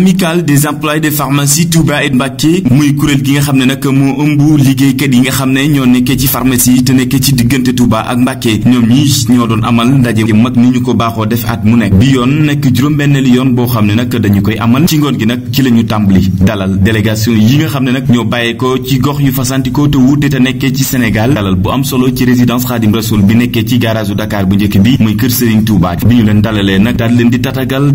amicale des employés des pharmacies Touba et Mbacké muy kuréel gi nga xam ne nag moo ëmb liggéeykat yi nga xam ne ñoo nekkee ci pharmacie yi te nekkee ci diggante Touba ak Mbacké ñoom ñi ñoo doon amal ndaje mag ni ñu ko baaxoo def at mu nekk bi yoon nekk juróom-benneelu yoon boo xam ne nag dañu koy amal ci ngoon gi nag ci la ñu tàmbali dalal délégation yi nga xam ne nag ñoo bàyyeekoo ci gox yu fasantikoo te wuute te nekkee ci Sénégal dalal bu am solo ci résidence Khadim Rasoul bi ci garage Dakar bu bi muy kër Serigne Touba bi ñu leen dalalee nag daal leen di tatagal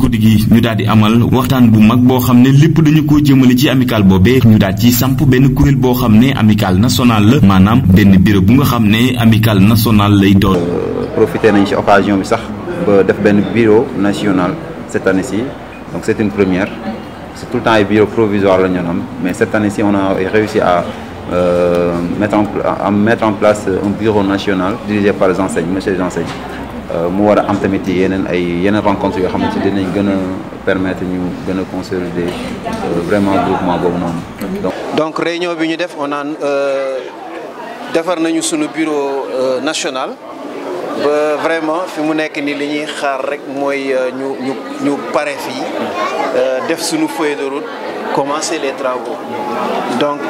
guddi gi ñu daal di amal waxtaan bu mag boo xam ne lépp dañu ko jëmale ci amical boobee ñu daal ci samp benn kuréel boo xam ne amical national la maanaam benn bureau bu nga xam ne amical national lay doon. profité nañ ci occasion bi sax ba def benn bureau national cette année-ci donc c'est une première c'est tout le temps la ñu am mais cette année-ci on a réussi à. Euh, mettre en, à mettre en place un bureau national dirigé par les enseignes, monsieur les enseignes. Euh, mu war a am tamit yeneen ay yeneen rencontre yoo xamante ne dinañ gën a permettre ñu gën a consolider euh, vraiment groupement boobu noonu. donc réunion bi ñu def on euh, defar nañu suñu bureau national ba vraiment fi mu nekk ni li ñuy xaar rek mooy ñu ñu ñu pare fii def suñu feuille de commencer les travaux donc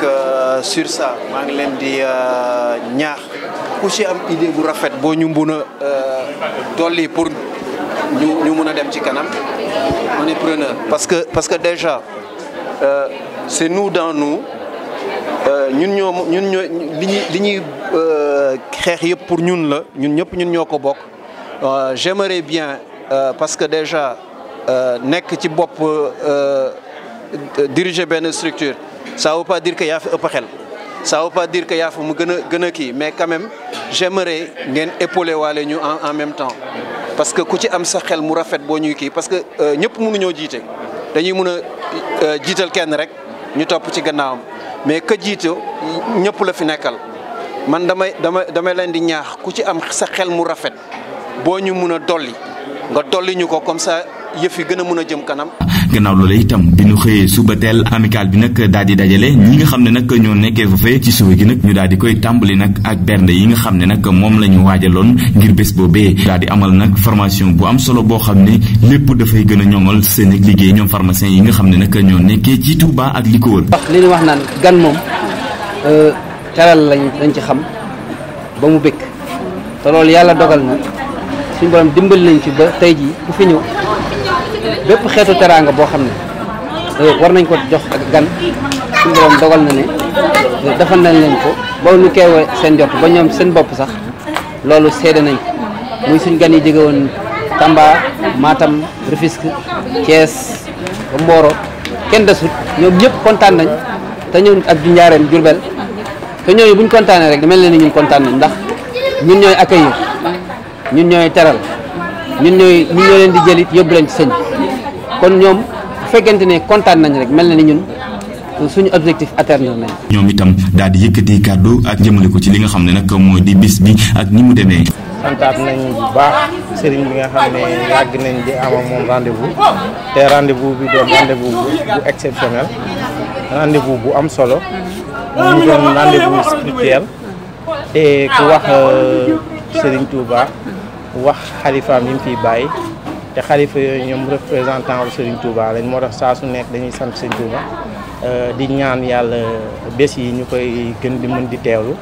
sur ça maa ngi leen di ñaax. ku ci am idée bu rafet boo ñu mun a euh, dolli pour ñu mun a dem ci kanam parce que parce que déjà euh, c'est nous dans nous euh, ñun ñoo ñun ñoo li ñuy li euh, xeex yëpp pour ñun la ñun ñëpp ñun ñoo ko bokk j'aimerais bien parce que déjà nekk ci bopp diriger benn structure ça veut pas dire que yaa fi ëpp xel. ça veut pas dire que Yaafo mu gën a gën a kii mais quand même j'aimerais ngeen épauler waale ñu en en même temps parce que ku ci am sa xel mu rafet boo ñuy kii parce que euh, ñëpp mënuñoo jiite dañuy mën a euh, jiital kenn rek ñu topp ci gannaawam mais que jiite ñëpp la fi nekkal man damay damay damay leen di ñaax ku ci am sa xel mu rafet boo ñu mën a dolli nga dolli ñu ko comme ça yëf yi gën a mën a jëm kanam. gannaaw loola itam bi ñu xëyee suba teel amical bi nag daal di dajale ñi nga xam ne nag ñoo nekkee foofee ci suba gi nag ñu daal di koy tàmbali nag ak bernde yi nga xam ne nag moom la ñu waajaloon ngir bés boobee daal di amal nag formation bu am solo boo xam ne lépp dafay gën a ñoŋal seen ak liggéey ñoom pharmacien yi nga xam ne nag ñoo nekkee ci Touba ak li ko wër. li ñu wax naan gan moom euh, teral lañ ci xam ba mu bëgg te loolu yàlla dogal na suñu borom dimbali nañ ci ba tey jii bépp xeetu teraanga boo xam ne euh, war nañ ko jox ak gan suñu borom dogal na ne euh, defal nañ ko ba ñu keewe seen jot ba ñoom seen bopp sax loolu seede nañ ko muy suñ gan yi jóge woon Tamba Matam Rufisque Thiès ba kenn desut ñoom ñëpp kontaan nañ te ñëw ak ju njaareem Jurbel te ñooñu buñ kontaanee rek mel na ni ñun kontaan nañ ndax ñun ñooy accueillir ñun ñooy teral ñun ñooy ñun ñoo leen di jëlit yóbbu lañ ci sëñ kon ñoom bu fekkente ne kontaan nañ rek mel na ni ñun suñu objectif atteindre nañ. ñoom itam daal di yëkkati kàddu ak jëmale ko ci li nga xam ne nag mooy di bis bi ak ni mu demee. santaat nañu bu baax sëriñ bi nga xam ne yàgg moom rendez-vous te rendez bi doon rendez-vous bu exceptionnel rendez bu am solo mu doon rendez-vous spirituel te ku wax euh, sëriñ Touba wax xalifaam yi mu fiy bàyyi. te xalifa yooyu ñoom représentant wu Serigne Touba moo tax saa su nekk dañuy sant Serigne Touba euh, di ñaan yàlla bés yi ñu koy gën di mën di teewlu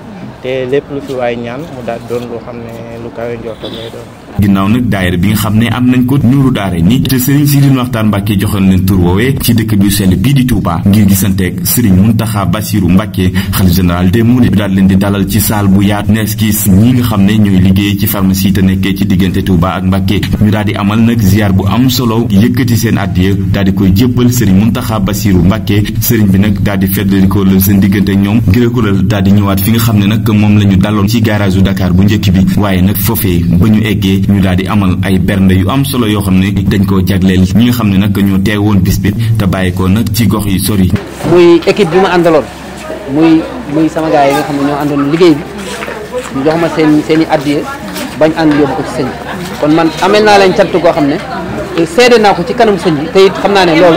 te lépp lu fi waay ñaan mu daal doon loo xam ne lu kawe njortam lay doon. ginnaaw nag daayira bi nga xam ne am nañ ko nuuru daare ni te sëriñ Sidi Mokhtar Mbacke joxoon leen tur woowee ci dëkk bi sell bii di Touba ngir gisanteeg sëriñ Muntaxa Basiru Mbacke xalif général des mourides bi daal leen di dalal ci saal bu yaat nees kis ñi nga xam ne ñooy liggéey ci pharmacie te nekkee ci diggante Touba ak Mbacke ñu daal di amal nag ziar bu am solo yëkkati seen addiya daal di koy jébbal sëriñ Muntaxa Basiru Mbacke sëriñ bi nag daal di feddali ko la seen diggante ñoom ngir ko daal di fi nga xam ne nag moom la ñu daloon ci garage Dakar bu njëkk bi waaye nag foofee ba ñu eggee ñu daal di amal ay bernde yu am solo yoo xam ne dañ koo jagleel ñi nga xam ne nag ñoo teewoon bis bi te bàyyi ko nag ci gox yi sori. muy équipe bi ma àndaloon muy muy sama gars yi nga xam ne ñoo àndoon liggéey bi ñu jox ma seen seen i addiya bañ ànd yóbbu ko ci sëñ kon man amel naa leen cant koo xam ne seede naa ko ci kanam sëñ bi te xam naa ne loolu.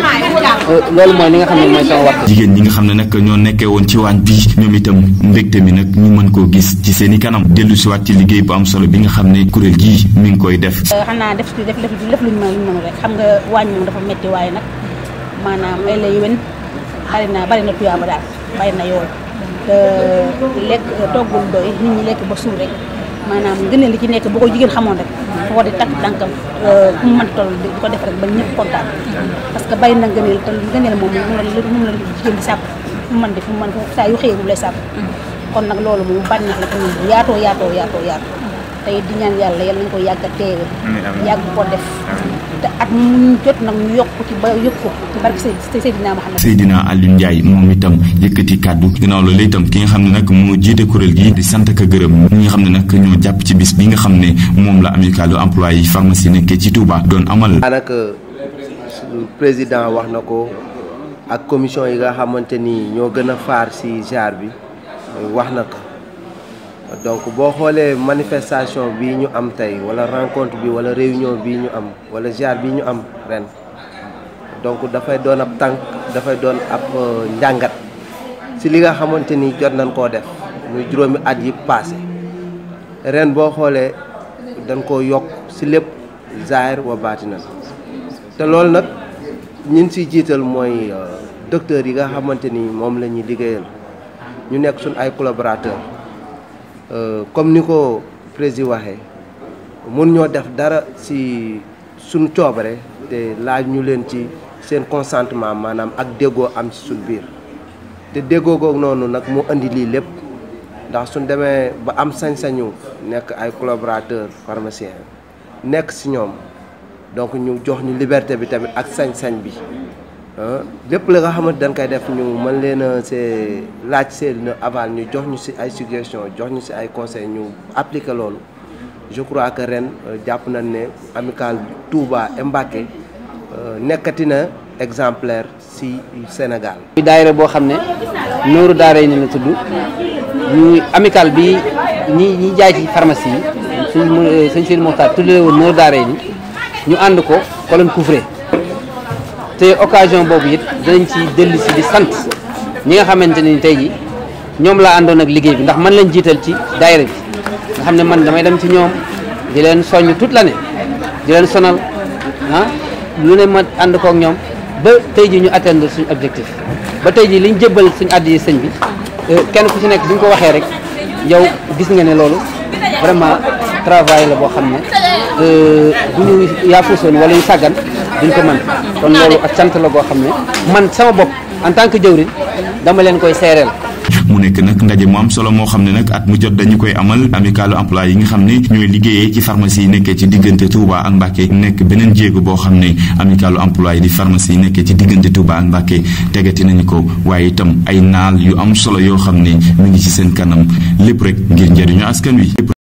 loolu mooy li nga xam ne mooy sama wax jigéen ñi nga xam ne nag ñoo nekkee woon ci waañ bi ñoom itam mbégte mi nag ñu mën koo gis ci seeni i kanam dellu waat ci liggéey bu am solo bi nga xam ne kuréel gii mi ngi koy def xam nga waañ moom dafa metti waaye nag maanaam ay la yéwén bari na tuyaaba daal bari na te euh, lekk toggul doy nit ñi lekk ba suur rek maanaam gëneel li ci nekk bu ko jigéen xamoon rek dafa war di takk tànkam ku euh, mu mën toll di ko def rek ba ñëpp kontaan parce que bàyyi na gëneel te gëneel moom moom la jigéen di sàkk fu mu mën di fu mu mën saa yu xëyee mu lay sàkk mm. kon nag loolu moom bànneex la ko ñun yaatoo yaatoo yaatoo yaatoo tey di ñaan yàlla yal nañu ko yàgg teewe yàgg ko def te at mu jot nag ñu yokk ci ba yëg ko ci barke Seydina Mouhamed Seydina Aliou Ndiaye moom itam yëkkati kàddu ginnaaw loolu itam ki nga xam ne nag moo jiite kuréel gi di sant ak gërëm ñi nga xam ne nak ñoo jàpp ci bis bi nga xam ne moom la amicalu employé yi pharmacie nekkee ci Touba doon amal daanaka président wax na ko ak commission yi nga xamante ni ñoo gën a faar si genre bi wax na ko donc boo xoolee manifestation bi ñu am tey wala rencontre bi wala réunion bi ñu am wala ziar bi ñu am ren donc dafay doon ab tànk dafay doon ab euh, njàngat si li nga xamante ni jot nañ koo def muy juróomi at yi passé ren boo xoolee dañ koo yokk si lépp zaahir wa na te loolu nag ñin si jiital mooy euh, docteurs yi nga xamante ni moom la ñuy liggéeyal ñu nekk suñ ay collaborateurs Euh, comme ni ko président waxee mun ñoo def dara si suñ coobare te laaj ñu leen ci seen consentement maanaam ak déggoo am ci suñ biir te déggoo googu noonu nag mu indi lii lépp ndax suñ demee ba am sañ-sañu nekk ay collaborateur pharmacien nekk si ñoom donc ñu jox ñu liberté bi tamit ak sañ-sañ bi Euh, lépp la nga xamante dañ koy def ñu mën leen see laaj na aval ñu jox ñu si ay suggestion jox ñu si ay conseil ñu appliquer loolu je crois que ren euh, jàpp nañ ne amicale Touba Mbacké euh, nekkati na exemplaire si Sénégal. muy daayira boo xam ne nooru daara yi ne la tudd ñuy amicale bi ñi ñi jaay ci pharmacie yi suñ suñ seen moxtaar tuddee woon nooru daara yi ñu ànd ko ko leen te occasion boobu it danañ ci dellu si di sant ñi nga xamante ni tey ji ñoom laa àndoon ak liggéey bi ndax man lañ jiital ci daayira bi nga xam ne man damay dem ci ñoom di leen soññ la ne di leen sonal ah lu ne ma ànd kook ñoom ba tey ji ñu atteindre suñ objectif ba tey ji liñ jébbal suñ àddi sëñ bi euh, kenn ku ci nekk bi ko waxee rek yow gis nga ne loolu vraiment travail la boo xam ne bu euh, ñu son wala ñu sàggan duñ ko mën kon loolu ak cant la goo xam ne man sama bopp en tant que jëwriñ dama leen koy seereel mu nekk nag ndaje mu am solo moo xam ne nag at mu jot dañu koy amal amicalu emploi yi nga xam ne ñooy liggéeyee ci pharmacie yi nekkee ci diggante tuubaa ak Mbacké nekk beneen jéego boo xam ne amicalu emploi yi di pharmacie yi nekkee ci diggante Touba ak Mbacké tegati nañu ko waaye itam ay naal yu am solo yoo xam ne mu ngi ci seen kanam lépp rek ngir njëriñu askan wi